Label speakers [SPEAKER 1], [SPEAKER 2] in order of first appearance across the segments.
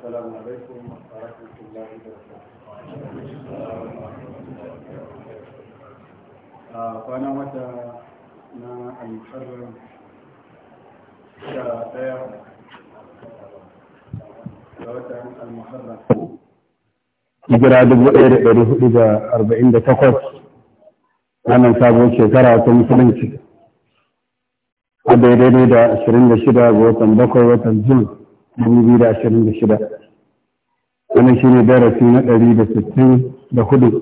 [SPEAKER 1] السلام عليكم ورحمة الله وبركاته kwana wata na da watan almuharram hijira wannan sabon shekara ta musulunci a daidai da shida, ga watan bakwai watan june 2026 wannan shi ne darasi na 164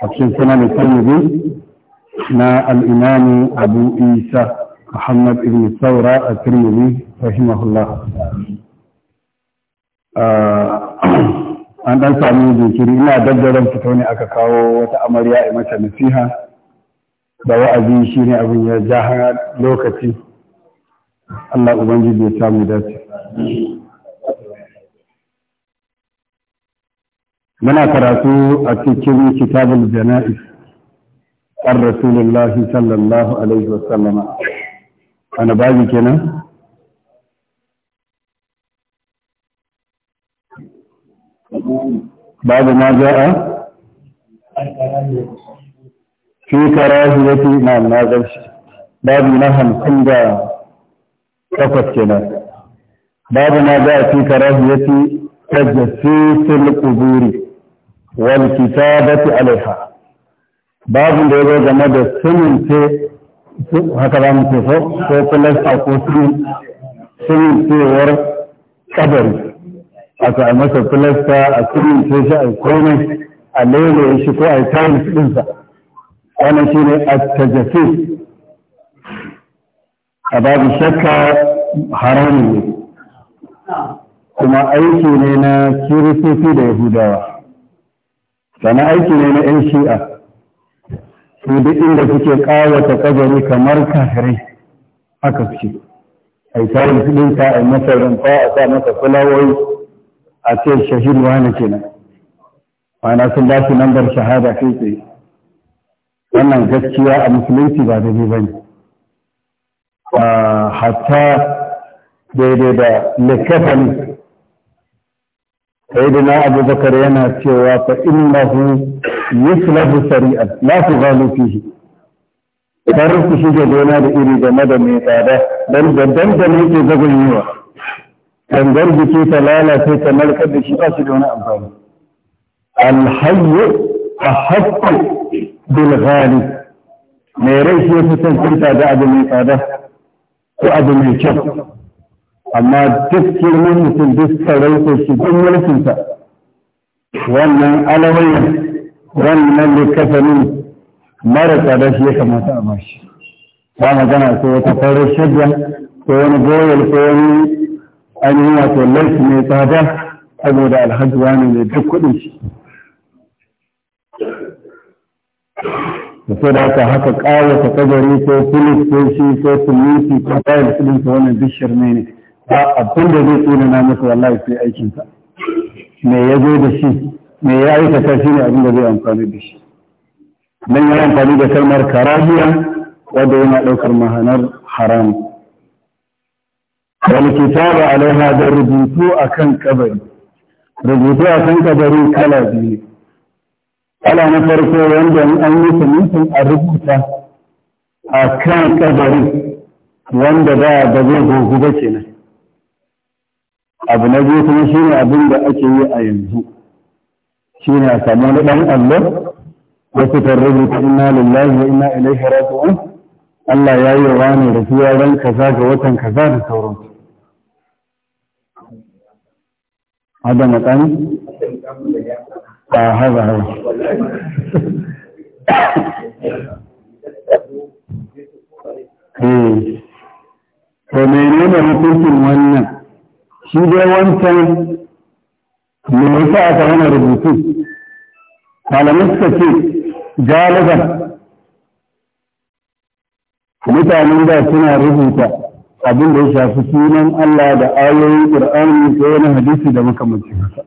[SPEAKER 1] a cikin sunan tarmidhi na al'imamu abu isa muhammad ibn saura a tarmidhi rahimahullah ah, an ɗan sami jinkiri ina daddaren fito ne aka kawo wata amarya a mata nasiha da wa'azi shi ne abin ya ja lokaci Allah Ubangiji ya samu dace. muna karatu a cikin kitabul jana'is an rasulullahi sallallahu alaihi wasallama ana babi kenan babu ma ja'a fi karahiyati na nazar babu na hamsin da takwas kenan babu ma za a fi karahiyati tajassusul quburi wal kitabati alaiha babu da yazo game da sumince haka za mu ce ko ko kabari wato a masa kulasta a sumince shi a komai a lele shi ko a tayin ɗinsa wannan shi ne a a babu shakka haramun ne kuma aiki ne na kiristoci da yahudawa sannan aiki ne na yan shi'a
[SPEAKER 2] su duk inda suke kawata kazari kamar
[SPEAKER 1] kafirai haka suke a yi tarin ɗinka a yi masa rumfa a sa masa fulawoyi a ce shahidu wani kenan ma'ana sun ba su lambar shahada kai tsaye wannan gaskiya a musulunci ba da bane a ah, hatta daidai da likafani Abu Bakar yana cewa fa innahu yuslahu sari'an la tughalu fihi kar ku shige gona da iri game da mai tsada dan da dan da ne ke zagon yiwa Dan gangar jiki ta lalace ta narkar da shi ba shi da wani amfani Al alhayyu ahaqqu bil ghali mai rai shi ya fi son da abu mai tsada ko abu mai kyau amma duk girman mutum duk sarauta shi duk mulkinsa wannan alawai wannan likafanin mara tsada shi ya kamata a bashi ba magana ko wata farar shadda ko wani goyal ko wani ainihin wato laifi mai tsada saboda alhaji wani ne duk kuɗin shi da sai da haka haka ƙawata kabari ko filis ko shi ko tumisi ko kayan kudin wannan duk shirme ne ba abin da zai tsina na masa wallahi sai aikinsa me ya zo da shi me ya aikata shi ne abin da zai amfani da shi nan ya amfani da kalmar karahiya wanda yana ɗaukar mahanar haram wani kitaba alaiha da rubutu a kan kabari rubutu a kan kabari kala biyu kala na farko wanda an yi sumintin a rubuta a kan kabari wanda ba da zai gogu ba kenan abu na biyu kuma shine abin da ake yi a yanzu shine a samu wani ɗan allah wasu kan rubuta ina lillahi wa inna ilaihi raji'un Allah ya yi wa ne da fiya ran kaza ga watan kaza da sauransu
[SPEAKER 2] hada matsani
[SPEAKER 1] a haza haza eh to menene hukuncin wannan shi dai wancan mai sa aka hana rubutu malamai suka ce galibar, mutanen da suna rubuta abin da ya shafi sunan Allah da ayoyin Qur'ani ko wani hadisi da mace haka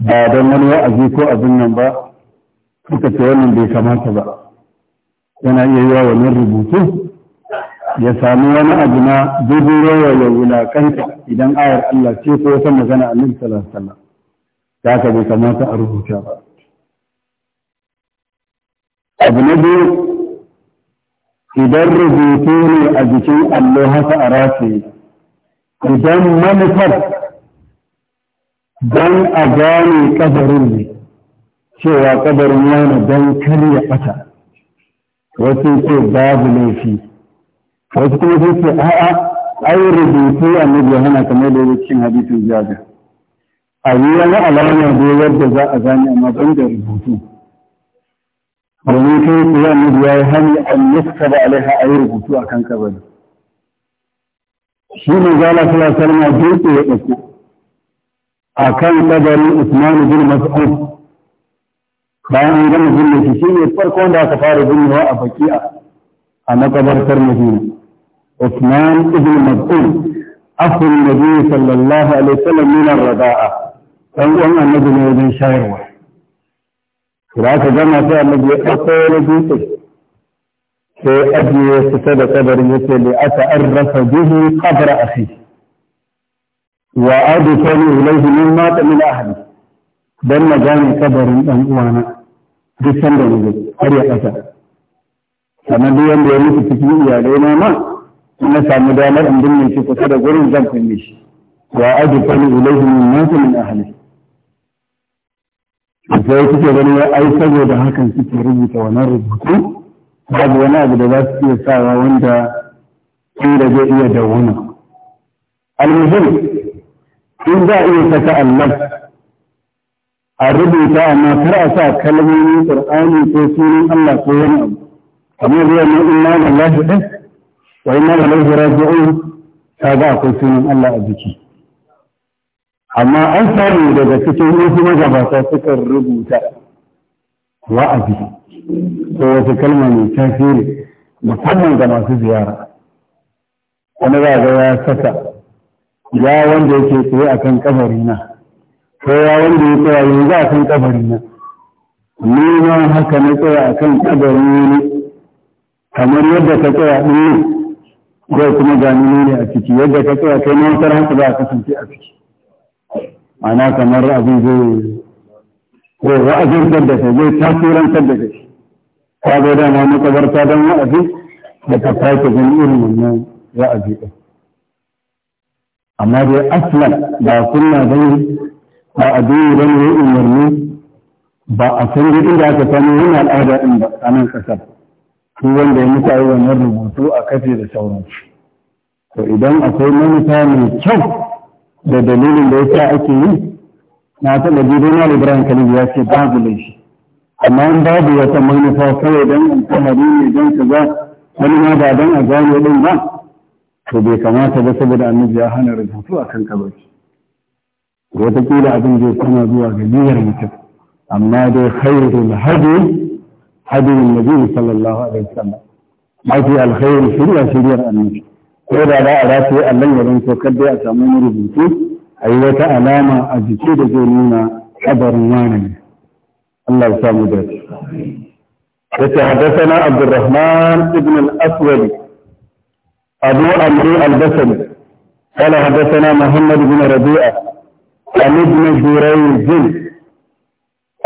[SPEAKER 1] ba don wani aji ko abin nan ba suka ce wannan bai kamata ba yana iya yi wa rubutu ya sami wani abu na rawa ya wulakanta idan ayar Allah ce ko wata magana a nan salasala. ta ka bai kamata a rubuta ba abu na biyu idan rubutu ne a jikin allo haka a rafi idan manufar don a gane kabarin ne cewa kabarin yana don kariya ya ɓata wasu ce babu laifi wasu kuma sun ce a'a ai rubutu annabi hana kamar da yake cin hadisin jabir a yi wani alamar da yadda za a gane amma ban da rubutu rubutu kai ku yi annabi ya yi hani a yasta ba alaiha a yi rubutu a kan kabari shi ne zala sula ma dutse ya ɗauko a kan kabari usmanu bin mas'ud bayan an gama binne shi shi ne farkon da aka fara binnewa a baki'a a makabartar madina عثمان بن مبعوث أخو النبي صلى الله عليه وسلم من الرضاعة فهو النبي من شاير واحد فلاك جمع فيها النبي أقول بيته في أبي قبر يقول لأتأرف به قبر أخيه وأدفن إليه من مات don na بل مجاني قبر uwana duk sanda da zai har ya ƙasa sannan duk wanda ya na samu damar in binne shi kusa da gurin zan kunne shi wa adfani ilaihi min nasi min ahli sai kuke gani ai saboda hakan suke rubuta wannan rubutu babu wani abu da za su iya sawa wanda da zai iya al almuhim in za a iya saka allah a rubuta amma kar a sa kalmomin qur'ani ko sunan allah ko wani abu kamar zuwa na inna lillahi wa inna ilaihi raji'un ta ga akwai sunan Allah a jiki amma an samu daga cikin wasu magabata suka rubuta wa'azi ko wata kalma mai tasiri musamman ga masu ziyara wani za ga ya saka ya wanda yake tsaye a kan kabarina ko ya wanda ya tsaya yanzu a kan kabarina ni ma haka na tsaya a kan kabarina kamar yadda ka tsaya ɗin zai kuma gani ne a ciki yadda ka tsaya kai nan kar haka za a kasance a ciki ma'ana kamar abin zai
[SPEAKER 2] ko wa'azin da
[SPEAKER 1] kai zai tasirantar da kai ka zo da ma makabarta don wa'azi da ka sake ganin irin wannan wa'azi ɗin amma dai aslan ba kunna bane ba a duniya bane umarni ba a san da aka samu wani al'ada ɗin ba a nan ƙasar su wanda ya mutu yi wannan rubutu a kafi da sauransu to idan akwai manufa mai kyau da dalilin da yasa ake yi na taɓa ji dai ibrahim kalibi ya ce babu laifi amma in babu wata manufa kawai don alfahari ne don ga wani ma ba don a gane din ba to bai kamata ba saboda annabi ya hana rubutu a kan kabari wataƙila abin zai koma zuwa ga niyyar mutum amma dai khairul hadi حديث النبي صلى الله عليه وسلم ما في الخير شريع شريع أمنك كذا لا أراتي أمني ولنكو كبه أسامون ربنتي أيوة ألامة أجيكيد جونينا حبر وانا الله سلام ذاتي يتحدثنا عبد الرحمن ابن الأسود أبو أمري البسل قال حدثنا محمد بن ربيعة عن ابن جريج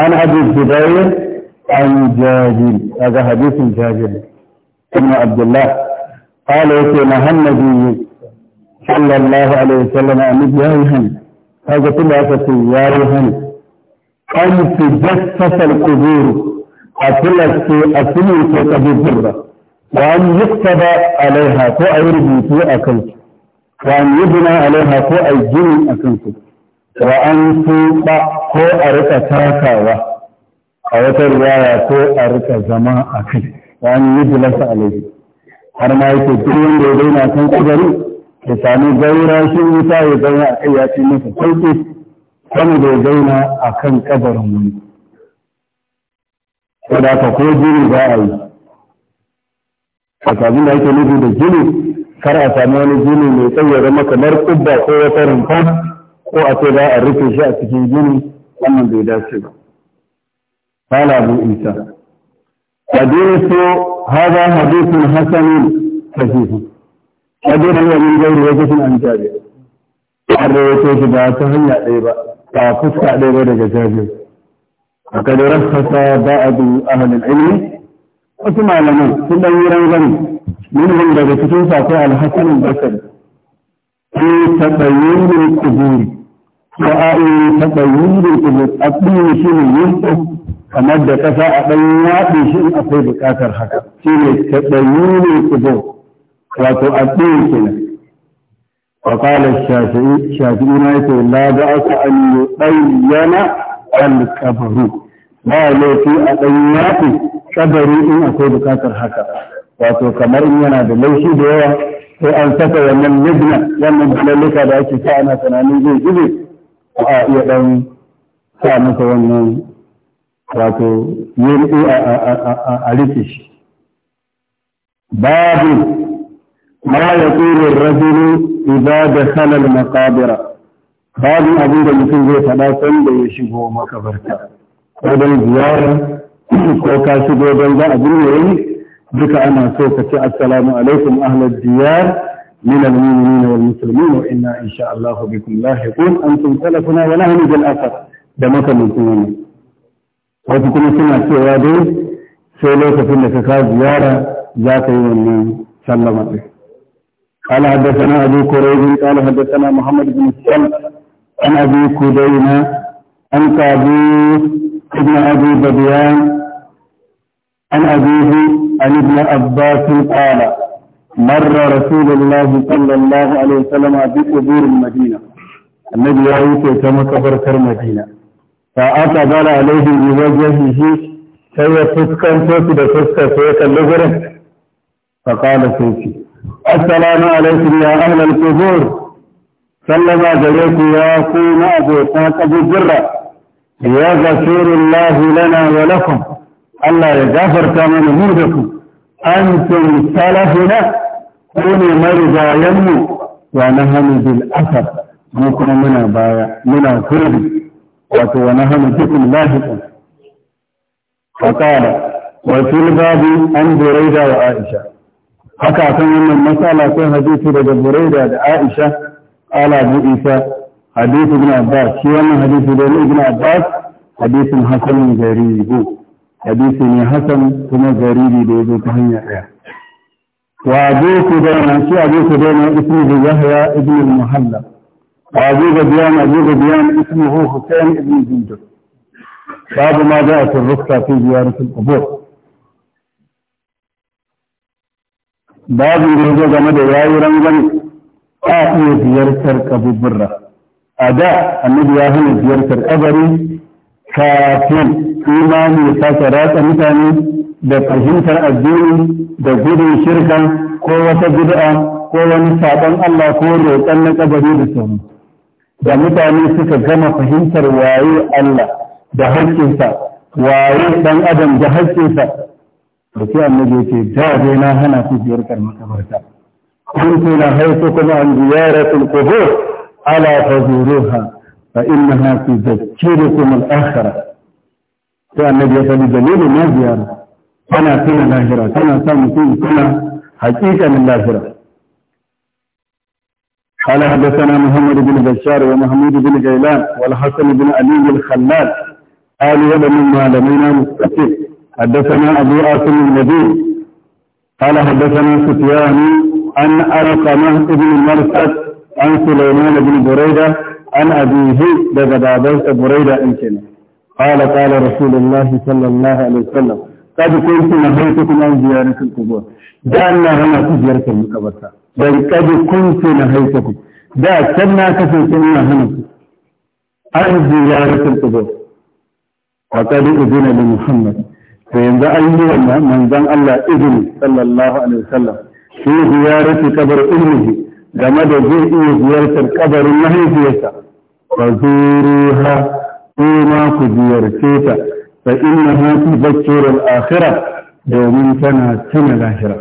[SPEAKER 1] عن أبي الزبير an jabir daga hadisin jabir ibn abdullah qala yake na hannabi sallallahu alaihi wasallam an yahin kaga tun da aka ce yahin
[SPEAKER 2] an tujassas al-qubur a tilaste a tilaste kaburbura
[SPEAKER 1] wa an yuktaba alaiha ko a yi rubutu a kansu wa an yubna alaiha ko a yi a an ko a takawa a wata riwaya ko a rika zama a kai Ya ni yi jilasa alaihi har ma yake duk wanda ya daina kan kudari ya sami gaura shi wuta ya zauna a kai ya ce masa sauƙi sama da ya zauna a kan kabarin wani saboda ka ko jini za a yi a sami da ake nufi da jini kar a sami wani jini mai tsayyara makamar kubba ko wata rumfa
[SPEAKER 2] ko a ce za a rufe shi a
[SPEAKER 1] cikin jini, wannan bai dace ba قال أبو haza حديث هذا حديث حسن صحيح حديث هو من غير وجه عن جابر an rawaito shi ba ta hanya ɗaya ba ba fuska ɗaya ba daga jabir a kadarar fasa ba a du ahalin ilmi wasu malaman sun ɗan yi rangani minhum daga cikin sakon alhassanin basari sai ta tsayin kuburi wa'a'in ta ɗayyuri ibn abin shi ne yin kamar da ƙasa a ɗan yaɗe shi in akwai buƙatar haka shi ne ta ɗayyuri ibn wato abin shi ne وقال الشافعي شافعي ما يقول Ba بأس أن يبين الكبر لا ليتي أدنيات كبر إن أكون بكاتر هكا واتو كمر da laushi da yawa, sai an saka wannan nijna wannan halalluka da ake sa ana tunanin zai zube ko a iya ɗan sa masa wannan wato yi a rike shi babu ma ya tsoro rajulu idan da halal makabira babu abin da mutum zai faɗa sanda ya shigo makabarta ko don ziyara ko ka shigo don za a dunya yi duka ana so ka ce assalamu alaikum ahlal diyar من المؤمنين والمسلمين وإنا إن شاء الله بكم لاحقون أنتم سلفنا ونحن بالأثر da makamantin wasu kuma suna سنة dai sai lokacin da ka ka ziyara za ka قال حدثنا أبو كريم قال حدثنا محمد بن سلم عن أبي كدينة عن كابوس ابن أبي بديان عن أبيه عن ابن عباس قال
[SPEAKER 2] مر
[SPEAKER 1] رسول الله صلى الله عليه وسلم بقبور المدينة النبي يعيك كما كبر المدينة فأقبل عليه بوجهه سوى فسكا فسد فسكا فيك اللغرة فقال سيفي السلام عليكم يا أهل القبور سلم عليكم يا كون أبو ساك أبو جرة يا غفير الله لنا ولكم الله يغفر كما نمودكم أنتم سلفنا ko ne yammu wa na hannu bil asar mu kuma muna baya muna kurbi wato wa na hannu bikin lahiqun faqala wato fil babu an buraida wa aisha haka kan wannan matsala sai hadisi daga buraida da aisha ala bu isa hadisi ibn abbas shi wannan hadisi da ibn abbas hadisin hasan garibu hadisi ne hasan kuma garibi da zo ta hanya daya وابو كدينا شي ابو كدينا اسمه يحيى ابن المهلب وابو غديان ابو غديان اسمه حسين ابن جندب باب ما جاء في الرخصة في زيارة القبور باب ما جاء game da yayi rangan a iya ziyartar kaburbura a da annabi ya hana ziyartar kabari kafin imani ya sake ratsa mutane da fahimtar addini da gudun shirka ko wata bid'a ko wani sabon Allah ko roƙon na kabari da sauran da mutane suka gama fahimtar waye Allah da haƙƙinsa waye dan adam da haƙƙinsa da sai annabi ce da dai na hana su ziyartar makabarta na la kuma an ziyaratul qubur ala fazuruha fa innaha tudhakkirukum al-akhirah sai annabi ya faɗi dalilin na ziyara tana tuna lahira سنة sa mutum tuna haƙiƙanin lahira قال حدثنا محمد بن بشار ومحمود بن جيلان والحسن بن علي الخلال قال ومن معلمينا مستقيم حدثنا ابو عاصم النبي قال حدثنا سفيان عن ارقمه بن مرثد عن سليمان بن بريده عن ابيه دغدابه بريده انكن قال قال رسول الله صلى الله عليه وسلم kaji ko yake na bai kuma an ziyara kan kubur da Allah yana ku ziyartar makabarta dan kaji kun ce na haifa ku da can na kasance ina hana ku an ziyara kan kubur wa qad udina li muhammad to yanzu an yi wannan manzon Allah izini sallallahu alaihi wasallam shi ziyarati kabar ummihi game da zai iya ziyartar kabarin mahaifiyarsa fa zuruha kuma ku ziyarce ta fa innaha tuzakkiru al-akhirah domin tana tuna lahira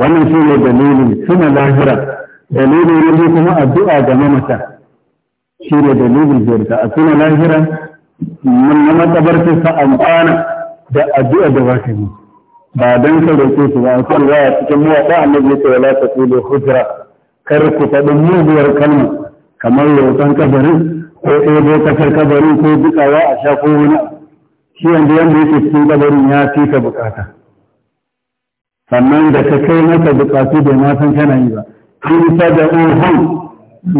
[SPEAKER 1] wannan shi ne dalilin tuna lahira dalilin ne kuma addu'a ga mamata shi ne dalilin jirga a tuna lahira mun na matsabarci sa amfana da addu'a da ba yi ba don ka roƙe su ba a kan a cikin mawaƙa annabi ya ce wala ta tsilo hujra kar ku faɗin muguwar kalma kamar yautan kabarin ko ɗaya zai kasar kabari ko bukawa a shafo wani shi yanzu yadda yake cikin kabari ya fi ka bukata sannan da ka kai maka bukatu da na san kana yi ba ko ta da ohun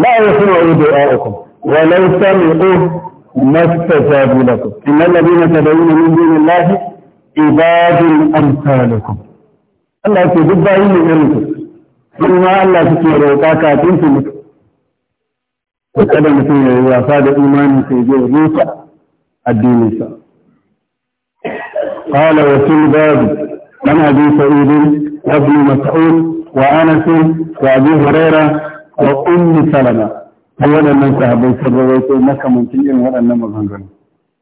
[SPEAKER 1] la ya fi wa ido a uku wa la ya sa mai o masta ta bula ku in na labi na tabari na min bin lahi ibadin amsalikum Allah ke duk bayin ne irin ku sun ma Allah suke roƙa kafin su mutu to kada mutum ya yi wasa da imani sai zai rusa addininsa قال وفي الباب عن ابي سعيد وابن مسعود وانس وابي هريره وام سلمه اولا من صحابي سبويت انك من تلين ولنا مغنغن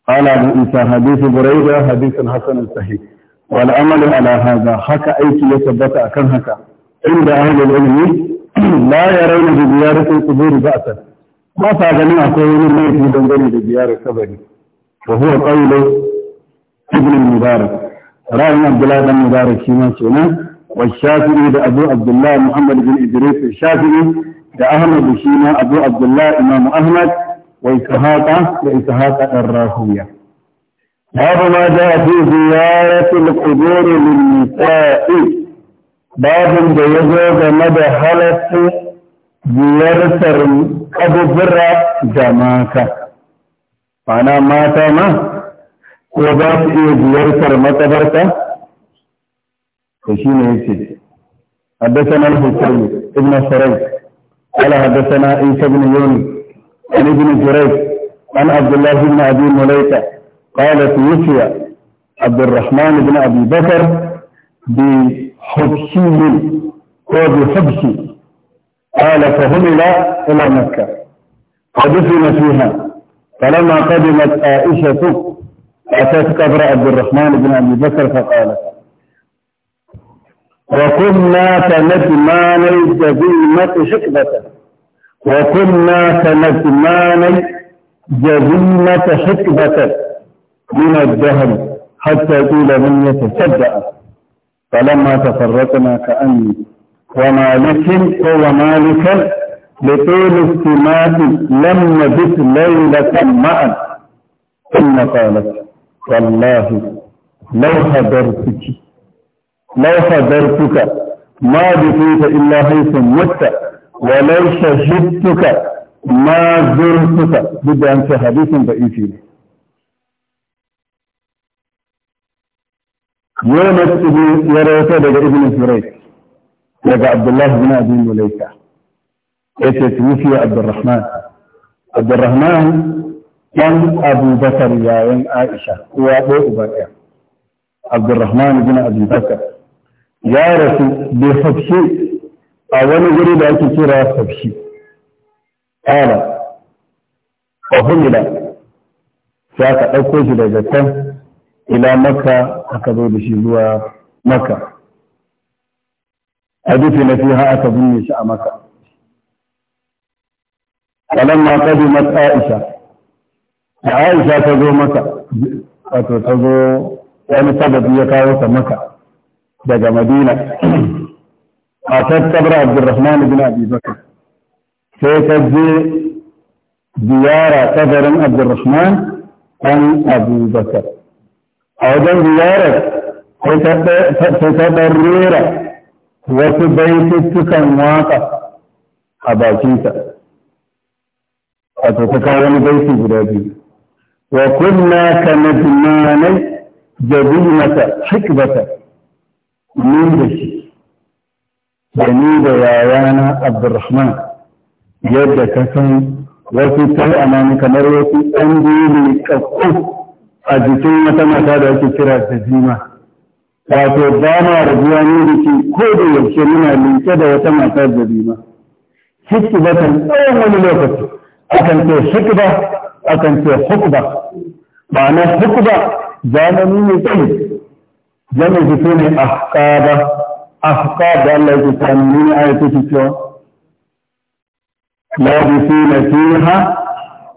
[SPEAKER 1] قال ابو عيسى حديث بريده حديث حسن صحيح والعمل على هذا حكى ايكي يثبت اكن حكى عند اهل العلم لا يرون بزياره القبور بأسا ba sa ganin akwai wani laifi dangane da ziyarar kabari wa huwa qawlu ibn mubarak ra'ayin abdullahi dan mubarak shi ma kenan wa shafi'i da abu abdullahi muhammad bin idris shafi'i da ahmad shi ma abu abdullahi imam ahmad wa ishaqa da ishaqa Babu rahuya باب ما جاء في زيارة القبور للنساء باب da ya zo game da halatta ziyartar أبو da mata ma'ana mata ma ko za su iya ziyartar matsabarta to shi ne yake حدثنا الحسين ابن شريك على حدثنا عيسى بن يونس عن ابن جريج عن عبد الله بن ابي مليكه قالت توفي عبد الرحمن بن ابي بكر بحبشي بحبسي قال فهم إلى إلى مكة فدفن فيها فلما قدمت عائشة أتت قبر عبد الرحمن بن أبي بكر فقالت وكنا كندمان الجزيمة حقبة وكنا كندمان الجزيمة حقبة من الدهر حتى قيل من يتصدأ فلما تفرقنا كأني ومالك ومالكا لطول السماء لم نبت ليلة معا ثم قالت والله لو حضرتك لو حضرتك ما بقيت إلا حيث مت ولو شهدتك ما زرتك بد أن حديث ضعيف يونس يروي daga ibn Jurayj daga abdullahi bin abi mulaika yace tuwfi abdurrahman abdurrahman dan abu bakar yayin aisha uwa ɗaya uba ɗaya abdurrahman bin abi bakar ya rasu bi hafshi a wani guri da ake kira hafshi ala wa hulila sai aka ɗauko shi daga can ila maka aka zo da shi zuwa maka
[SPEAKER 2] أدفن فيها أكبني
[SPEAKER 1] شأمك فلما قدمت عائشة عائشة تزو مكة وتزو يعني سبب يكاوة مكة دقى مدينة أتت قبر عبد الرحمن بن أبي بكر فيتزي زيارة قبر عبد الرحمن عن أبي بكر أيضا زيارة تتبريرة wasu baituttukan waka a bakinsa wato ta kawo wani su guda biyu wa kunna ka nadmanai jabinata hikbata ni da shi da ni da yayana abdurrahman yadda ka san wasu tau'ana kamar wasu ɗan biyu ne kakku a jikin wata mata da ake kira da jima'a. wato ba na rabuwa ne da ke ko da yaushe muna linke da wata matar da ba hikki ba ta tsawon wani lokaci akan ce hikba akan ce hukba ma'ana hukba zamani ne tsaye zamin fito ne ahqaba ahqab da Allah ya ta nuna ayatu cewa la yusina fiha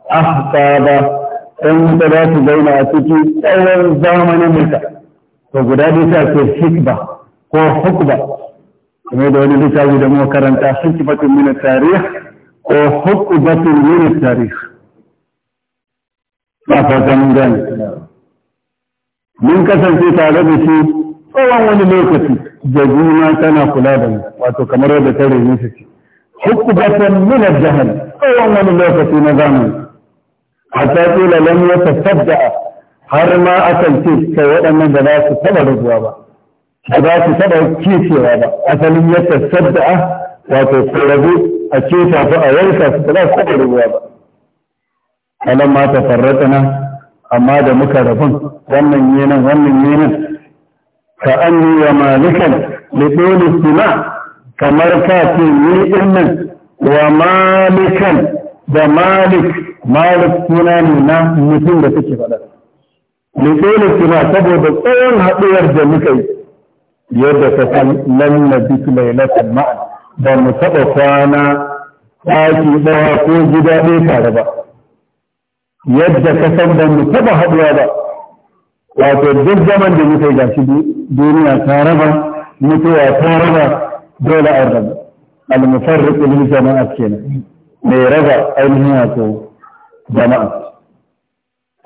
[SPEAKER 1] ahqaba in da za su zauna a cikin tsawon zamanin mutane to guda biyu ta ce hikba ko hukba kuma da wani littafi da muka karanta hikbatun min tarih ko hukbatun min tarih ba fatan gani mun kasance tare da shi tsawon wani lokaci jazuna tana kula da mu wato kamar yadda ta rene shi ce hukbatan min jahal tsawon wani lokaci na zamani hatta kila lam yatasadda har ma akan ce kai waɗannan da za su taɓa rabuwa ba ba za su taɓa kecewa ba asalin yadda sadda'a wato su rabu a keta su a yanka su ba za su taɓa rabuwa ba alam ma ta farrata na amma da muka rabun wannan yenan wannan yenan ka an yi wa malikan liɗoli suna kamar ka ce ni nan wa malikan da malik malik suna ne na mutum da suke faɗa لقول كما سبب الطول هدير جمكي يد تسن لن نبت ليلة معنا بم سبقانا آتي بها كو جدا بيتا ربا يد تسن بم سبق هدير ربا wato duk zaman da muka yi gashi duniya ta raba mutuwa ta raba dole an raba al-mufarriq lil jama'a kenan mai raba ainihin wato jama'a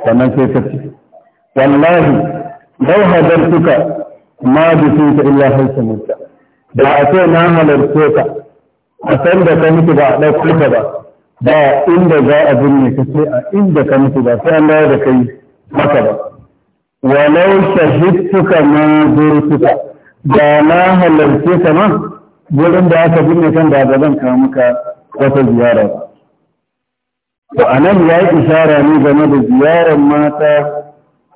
[SPEAKER 1] sannan sai ka ce wallahi lau hadartuka ma bisinka illa haisa mutu da a ce na halarce ka a san da ka mutu ba a ɗauko ba ba inda za a binne ka sai a inda ka mutu ba sai an da kai maka ba walau shahidtuka ma zurtuka da na halarce ka ma wurin da aka binne kan da ba zan kawo maka wata ziyara ba to anan ya yi ishara ne game da ziyarar mata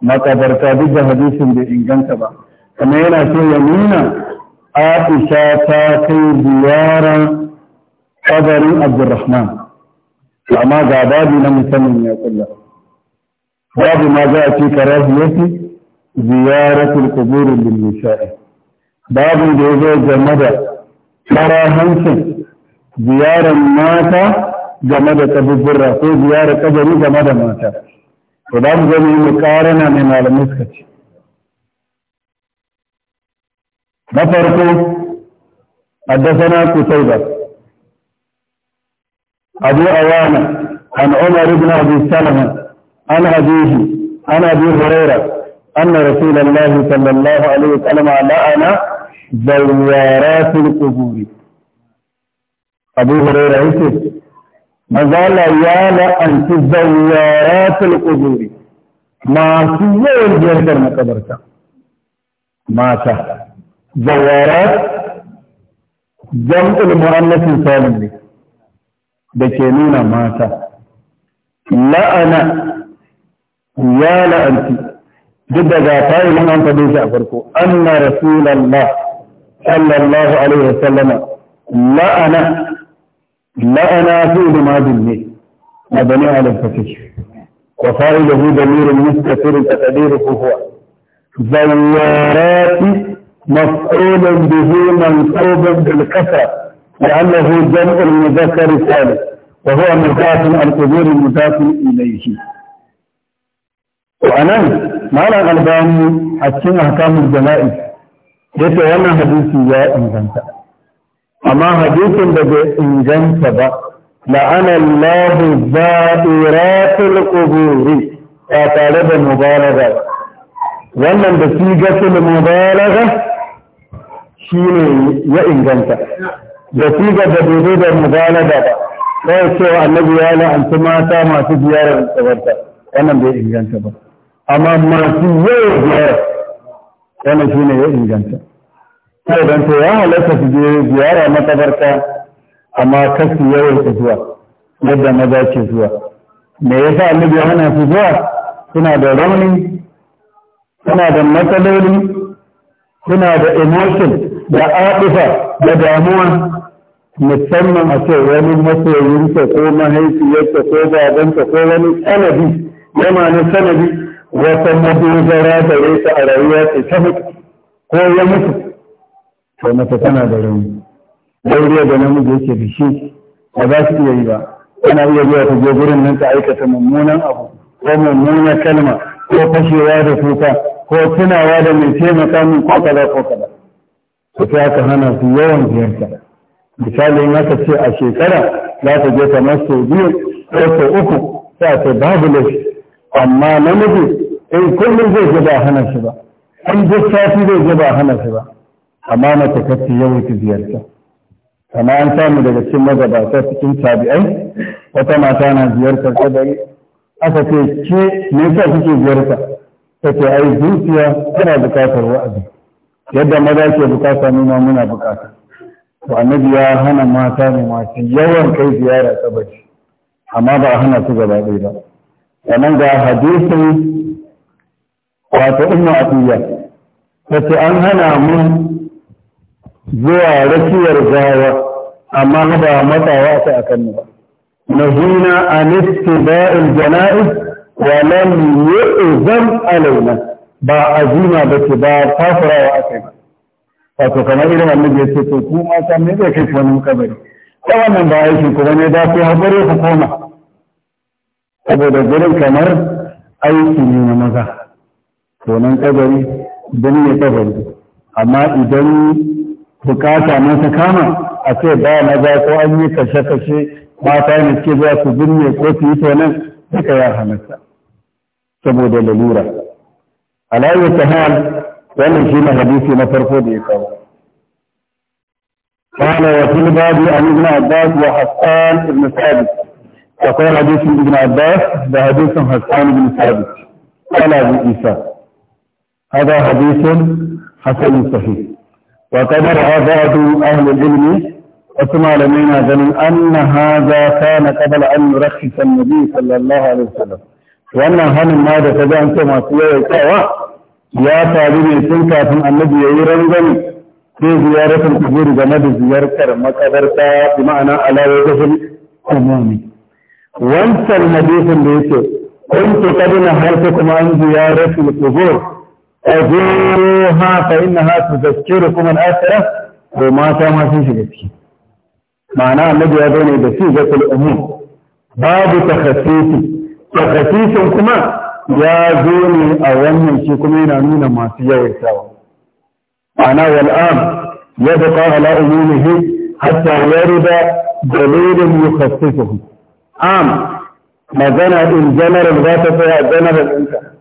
[SPEAKER 1] makabarta duk da hadisin bai inganta ba kamar yana so ya nuna aisha ta kai ziyara kabarin abdurrahman amma ga babu na musamman ya kulla
[SPEAKER 2] babu ma za a ce karahiyati
[SPEAKER 1] ziyaratul qubur lil nisa'i babu da yazo game da karahancin ziyarar mata game da kaburbura ko ziyarar kabari game da mata to da mu zama yi mukawarana mai malamai suka na farko haddasana ku sai ba abu awana an umar ibn abi salama an hadihi an abi hurairah أن رسول الله صلى الله عليه وسلم لعن زوارات القبور أبو هريرة يسير مازال يالا انت الزوارات القبور ما في الجندر ما قبرك ما شاء زوارات جمع المؤنث الثاني بكينونا ما شاء لا انا يالا انت جدا جاتاي لما انت بيجي افركو ان رسول الله صلى الله عليه وسلم لا انا لأنا فعل ما بني على الفتح وفاعله ضمير مستتر تقديره هو زورات مفعول به منصوب بالكسرة لأنه جمع المذكر الثالث وهو مضاف القبور المضاف إليه وأنا ما لا الباني حتى أحكام الجنائز ليس وانا حديثي يا إنسان amma hadisin da bai inganta ba la'ana Allahu za'iratul quburi ba tare da mubalaga wannan da sigatul mubalaga shine ya inganta da sigar da bai da mubalaga ba kawai cewa annabi ya la'anci mata masu ziyarar tsawarta wannan bai inganta ba amma masu yau ziyarar wannan shine ya inganta sai to ya halatta su je ziyara makabarta amma kasu yawan su zuwa yadda maza ke zuwa me yasa annabi ya hana su zuwa suna da rauni suna da matsaloli suna da emotion da aɗufa da damuwa musamman a ce wani masoyinka ko mahaifiyarta, ko babanka ko wani sanadi yana na sanadi wata madogara da yasa a rayuwa ta mutu ko ya mutu to mace tana da rauni dauriya da namiji yake da shi ba za su iya yi ba ana iya zuwa ta je gurin nan ta aikata mummunan abu ko mummunan kalma ko fashewa da kuka ko tunawa da mai taimaka min ko kaza ko kaza to sai aka hana su yawan ziyarta misali in aka ce a shekara za ta je kamar sau biyu ko sau uku sai a ce babu laifi amma namiji in eh, kullum zai je ba hana shi ba in duk sati zai je ba hana shi ba amana ta kafi ki ziyarta kama an samu daga cikin magabata cikin tabi'ai wata mata na ziyartar kadari aka ce ke me yasa kike ziyarta ta ce ai zuciya tana bukatar wa'azi yadda maza ke bukata nuna muna bukata to annabi ya hana mata ne masu yawan kai ziyara kabari amma ba a hana su gaba ɗaya ba sannan ga hadisin wato umma atiya ta ce an hana mu. zuwa rakiyar gawa amma ba matsawa ta akan ba نهينا عن اتباع ba ولم يؤذن Ba با عزيمة بتباع كافرة وأكيمة wato kamar irin da ya ce to ku ma san me kai kai wani kabari ta wannan ba aikin ku ne da ku haƙuri ku koma
[SPEAKER 2] saboda gurin kamar
[SPEAKER 1] aiki ne na maza to nan kabari don ne kabari amma idan bukata na ta kama a ce ba na maza ko an yi kashe-kashe mata ne ke zuwa su binne ko su yi tonan duka ya halatta saboda lalura alayyar ta hal wannan shi na hadisi na farko da ya kawo قال وفي الباب عن ابن عباس وحسان بن ثابت وقال حديث ابن عباس بحديث حسان بن ثابت قال ابو عيسى هذا حديث حسن صحيح وقد رأى بعض أهل العلم وسمع لمينا ذنب أن هذا كان قبل أن يرخص النبي صلى الله عليه وسلم وأن هل ماذا تدعم كما سيئة يا طالب سنكا فن النبي يرنزل في زيارة القبور جمد زيارة مقبرتا بمعنى على وجه الأمام وانت المديث بيته كنت قبل نهرتكم عن زيارة القبور أذوها فإنها تذكركم الآخرة وما كما في بسكي معناه النبي أذوني بسيجة الأمور باب تخسيسي تخسيسي كما يا زوني أولي شكمين أمين ما سيوي سوا معناه والآن يبقى على أمينه حتى يرد دليل يخسسه آم ما زنى إن جنر الغاتف يا جنر الإنسان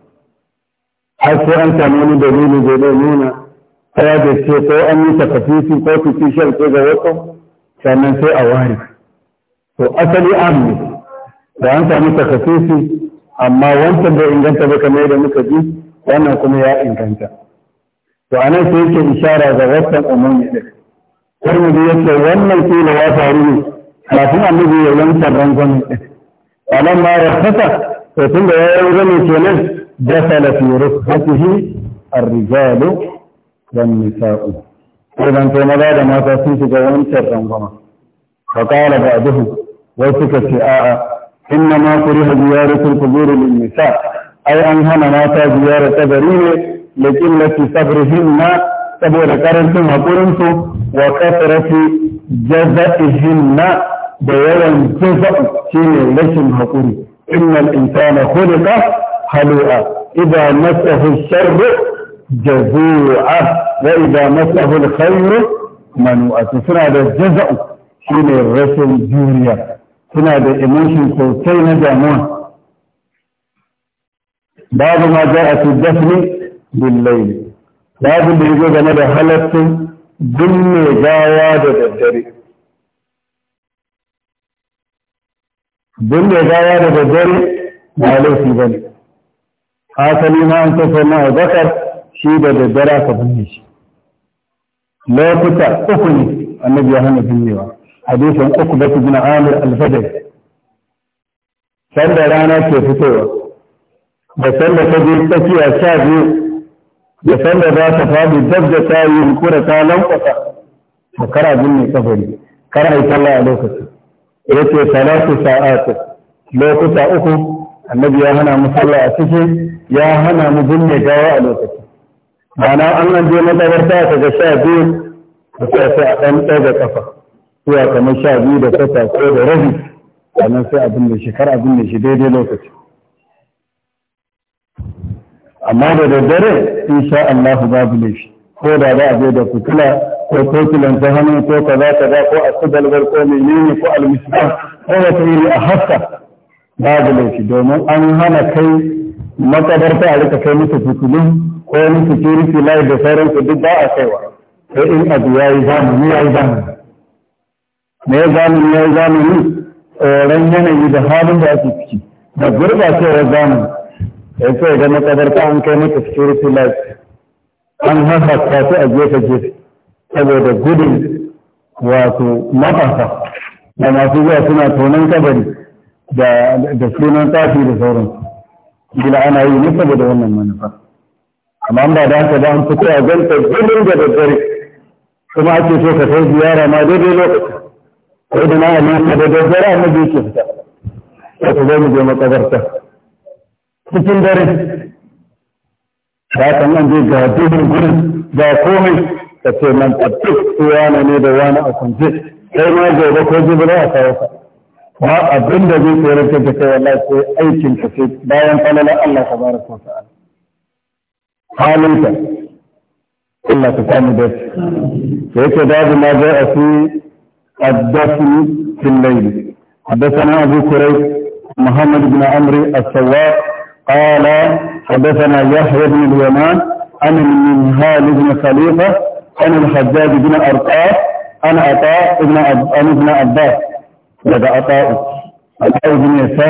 [SPEAKER 1] har sai an samu wani dalili da zai nuna ta da ce ko an yi takafifi ko shan ko ga wasu sannan sai a ware to asali am ne da an samu takafifi amma wancan bai inganta ba kamar da muka ji wannan kuma ya inganta to anan sai yake ishara ga wasan umumi din Tirmidhi yace wannan kila ya faru ne kafin annabi ya yanka rangon din alamma rafata to tunda ya yi rane kenan دخل في رفحته الرجال والنساء إذا أنت ما بعد ما تسيت جوان شرًا ظما فقال بعده وسك الشعاء إنما كره زيارة القبور للنساء أي أنهم ما زيارة بريئة لكن لكي صبرهن صبر كرنتم وكرنتم وكثرة جزائهن بيوم جزء شيء لكن هكوري إن الإنسان خلق خلوعا إذا مسه الشر جزوعا وإذا مسه الخير منوعا سنة هذا الجزء حين الرسل جوريا سنة هذا إيموشن سوتين جامون بعض ما جاء في الدفن بالليل بعض ما يقول أنا بحلت بني جاوا دفتري بني جاوا دفتري ما ليس بني hasali ma an tafi na Abubakar shi da daddara ka binne shi lokuta uku ne annabi ya hana binnewa hadisin uku batu bin amir al-fadl sanda rana ke fitowa da sanda ta biyu tsakiya sha biyu da sanda za ta faɗi dab da ta yi hukura ta lankwasa da kara binne kafari kara yi sallah a lokacin ya ce salatu sa'atu lokuta uku annabi ya hana mu sallah a ciki ya hana mu binne gawa a lokaci ma'ana an an je makabarta ka ga sha biyu da sai sai a ɗan ɗaga kafa zuwa kamar sha biyu da kwata ko da rabi sannan sai abin da shi kar abin da shi daidai lokaci amma da daddare insha Allah babu laifi ko da za a je da fitila ko kokilan ta hannu ko kaza kaza ko a ko menene ko almisba ko wata iri a haska babu laifi domin an hana kai makabarta a rika kai musu fitulu ko musu kirki lai da sauransu duk ba a kaiwa sai in abu ya yi zamani ya yi zamani me ya zamani ya yi zamani tsoron yanayi da halin da ake ciki da gurɓacewar zamani ya ce ga makabarta an kai musu security lai an haɓaka su a gefe gefe saboda gudun wato mafasa da masu zuwa suna tonon kabari da sunan tafi da sauran gila ana yi ne saboda wannan manufa amma ba da haka ba an fito a ganta gudun da daddare kuma ake so ka kai ziyara ma daidai lokaci ko da na amince da daddare annabi yake fita ko ka zo mu je makabarta cikin dare ba kan an je ga duhun gudun ga komai ka ce man tattuk su wane ne da wani a kunce kai ma gobe ko jibila a kawo ka. ba abin da zai tsoratar da kai wallahi sai aikin ka sai bayan falalar Allah ta baraka wa ta'ala halinka Allah ta samu da sai ce babu ma za a fi addasu fil layli حدثنا أبو كريب محمد بن عمرو السواق قال حدثنا يحيى بن اليمان عن المنهال بن خليفة عن الحجاج بن أرقاف عن عطاء بن عن ابن عباس daga ata'u ata'u bin yasa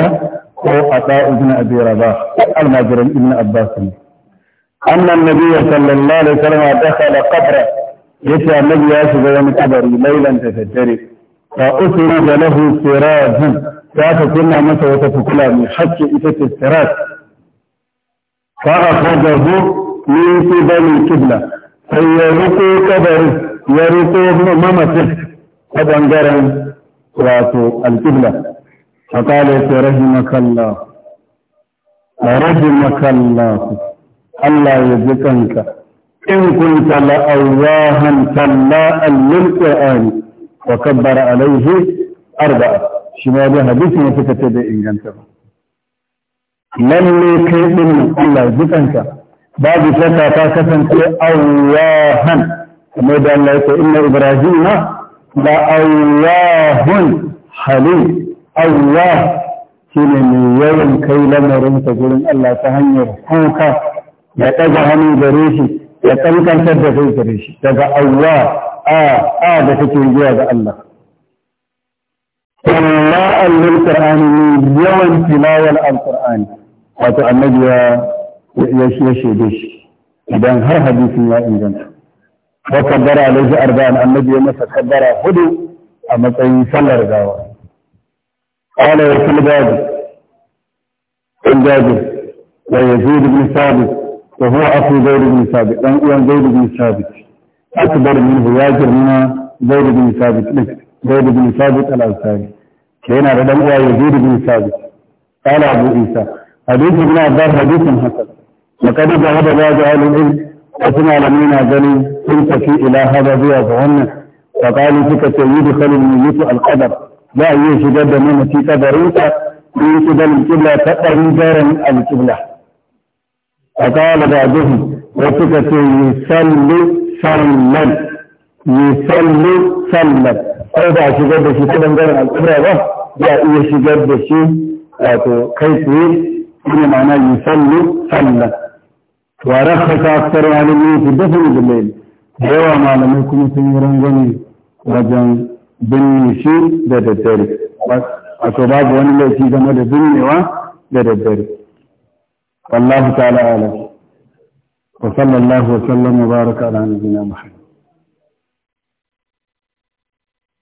[SPEAKER 1] ko ata'u bin abi rabah almajiran ibn abbas ne annan nabiyyu sallallahu alaihi wasallam dakhala qabra yace annabi ya shiga wani kabari lailan da daddare fa usrija lahu sirajun za ka kunna masa wata fukula mai hakke ita ce siraj fa akhrajahu min qibali qibla sai ya riko kabarin ya riko mamacin a bangaren wato alƙibla فقال رحمك الله ورحمك الله الله يجزيكنك إن كنت لأواها تلاء للقرآن وكبر عليه أربعة شما ده حديث ما تكتب إن كنت lalle kai din Allah jikanka babu shakka ka kasance awahan kamar da Allah ya ce inna ibrahima allahun halin Allah shi ne mai yawan kai lamarinsa gurin Allah ta hanyar kuka ya ɗaga hannu gare shi ya ƙanƙantar da kai gare shi daga Allah a a da kake zuwa ga Allah. Allah allin Qur'ani ne yawan tilawar Al-Qur'ani wato annabi ya shaide shi idan har hadisin ya inganta. wa عليه alaihi أن annabi ya masa kabbara hudu a matsayin sallar gawa قال وكل باب عن جابر ويزيد بن ثابت وهو أخو زيد بن ثابت لم يكن زيد بن ثابت أكبر منه ياجر منا زيد بن ثابت زيد بن ثابت الأنصاري كان ردم يزيد بن ثابت قال أبو عيسى حديث ابن عباس حديث حسن وقد ذهب بعض أهل العلم أثنى لمينا بني كنت في إلى هذا بي أفعن فقالوا فيك تيدي خل الميت القدر لا يوجد من في قدرك من قبل القبلة تقر دارا القبلة فقال بعضهم وفيك يسل سلم يسل سلم أو بعد شجرة شيء كذا من قبل لا يوجد شجرة شيء أو كيف يعني معناه يسل سلم ورخص أكثر العالمين في دفن بالليل yawa malamai kuma sun yi rangwame wajen binne shi da daddare A wato babu wani laifi game da binnewa da daddare wallahu ta'ala ala wa sallallahu wa sallam wa baraka ala nabiyyina muhammad